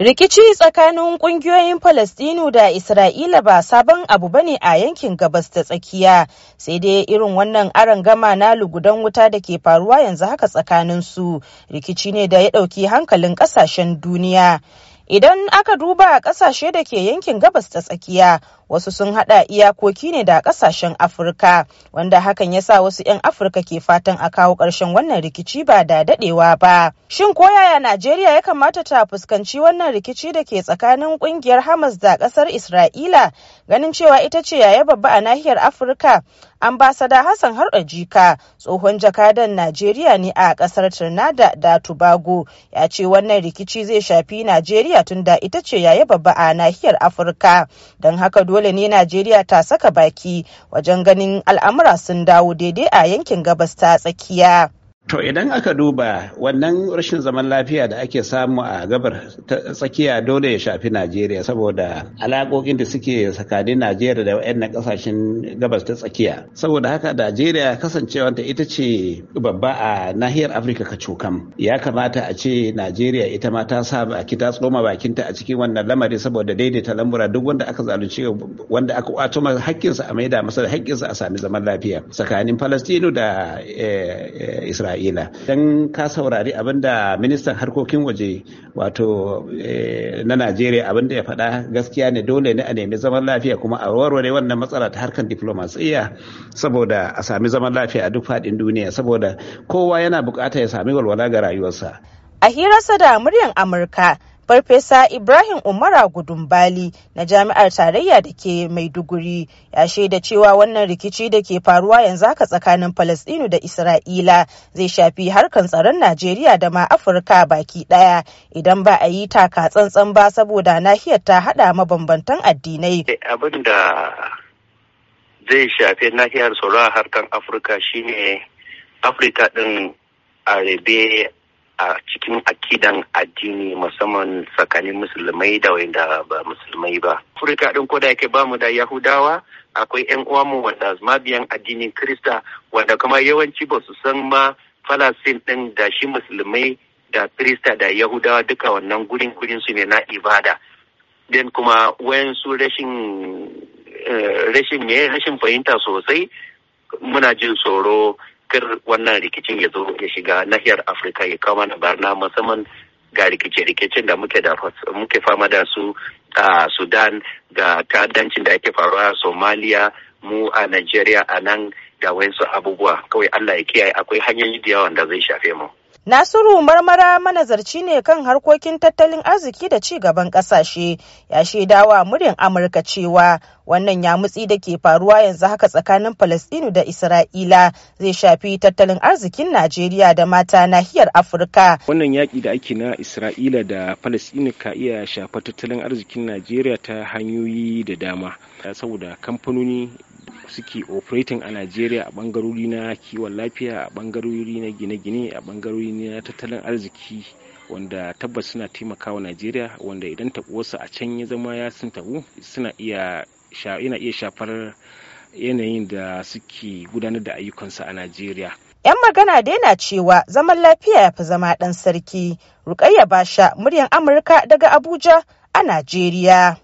Rikici tsakanin kungiyoyin Falastinu da Isra'ila ba sabon abu ba ne a yankin gabas ta tsakiya, sai dai irin wannan aron gama na lugudan wuta da ke faruwa yanzu haka tsakanin su, rikici ne da ya ɗauki hankalin ƙasashen duniya. Idan aka duba ƙasashe da ke yankin gabas ta tsakiya, wasu sun hada iyakoki ne da kasashen afirka wanda hakan ya sa wasu 'yan afirka ke fatan a kawo karshen wannan rikici ba da dadewa ba shin ko yaya najeriya ya kamata ta fuskanci wannan rikici da ke tsakanin kungiyar hamas da kasar isra'ila ganin cewa ita ce yaya babba a nahiyar afirka ambasada hassan har jika tsohon jakadan najeriya ne a kasar trinidad da tobago ya ce wannan rikici zai shafi najeriya tunda ita ce yaya babba a nahiyar afirka don haka dole dole ne Najeriya ta saka baki wajen ganin al'amura sun dawo daidai a yankin gabas ta tsakiya. To idan aka duba wannan rashin zaman lafiya da ake samu a gabar tsakiya dole ya shafi Najeriya saboda alaƙoƙin da suke tsakanin Najeriya da wa'annan ƙasashen gabar ta tsakiya. Saboda haka Najeriya kasancewanta ita ce babba a nahiyar Afirka kacokam. Ya kamata a ce Najeriya ita ma ta sa baki ta tsoma bakinta a cikin wannan lamari saboda daidaita lamura duk wanda aka zalunci wanda aka kwato masa haƙƙinsa a maida masa haƙƙinsa a sami zaman lafiya tsakanin Falastinu da eh, eh, Isra'ila. isra'ila don ka saurari abin da ministan harkokin waje wato eh, na najeriya abin da ya faɗa gaskiya ne dole ne a nemi zaman lafiya kuma a warware wannan matsala ta harkar diflomasiyya saboda a sami zaman lafiya a duk faɗin duniya saboda kowa yana bukata ya sami walwala ga rayuwarsa a hirarsa da muryar amurka Farfesa Ibrahim Umara Gudumbali na Jami'ar Tarayya da ke Maiduguri ya shaida cewa wannan rikici da ke faruwa yanzu haka tsakanin palestinu da Isra'ila zai shafi harkan tsaron Najeriya da ma Afirka baki daya idan ba a yi taka tsantsan ba saboda nahiyar ta hada mabambantan addinai. Eh, abin da zai shafi nahiyar tsaron harkan Afirka shine Afirka ɗin a a cikin akidan addini musamman tsakanin musulmai da wanda ba musulmai ba. Afirka ɗin ko da yake ba mu da Yahudawa akwai uwa uwanmu wanda mabiyan addinin Kirista wanda kuma yawanci ba su san ma Falasin ɗin da shi musulmai da Kirista da Yahudawa duka wannan gurin gurin su ne na ibada. Den kuma wayansu rashin eh, rashin me rashin fahimta sosai muna jin tsoro kar wannan rikicin ya zo ya shiga nahiyar afirka ya kama na barna musamman ga rikice-rikicin da muke fama da su a sudan ga ta'addancin da yake faruwa a somalia mu a nigeria a nan ga wayansu abubuwa kawai allah ya kiyaye akwai hanyoyi da yawan da zai shafe mu Nasiru Marmara manazarci ne kan harkokin tattalin arziki da ci gaban kasashe ya shaidawa muryar Amurka cewa wannan yamutsi da ke faruwa yanzu haka tsakanin Falasɗinu da Isra'ila zai shafi tattalin arzikin Najeriya da mata nahiyar Afirka. Wannan yaƙi da ake na Isra'ila da Falasɗinu ka iya shafa tattalin arzikin Najeriya ta hanyoyi da dama saboda kamfanoni suke operating a najeriya a bangarori na kiwon lafiya a bangarori na gine-gine a bangarori na tattalin arziki wanda tabbas suna taimakawa najeriya wanda idan taɓuwarsa a can ya zama ya sun taɓu suna iya yana iya shafar yanayin da suke gudanar da ayyukansu a najeriya 'yan magana dai na cewa zaman lafiya ya fi zama ɗan sarki rukayya basha muryan amurka daga abuja a najeriya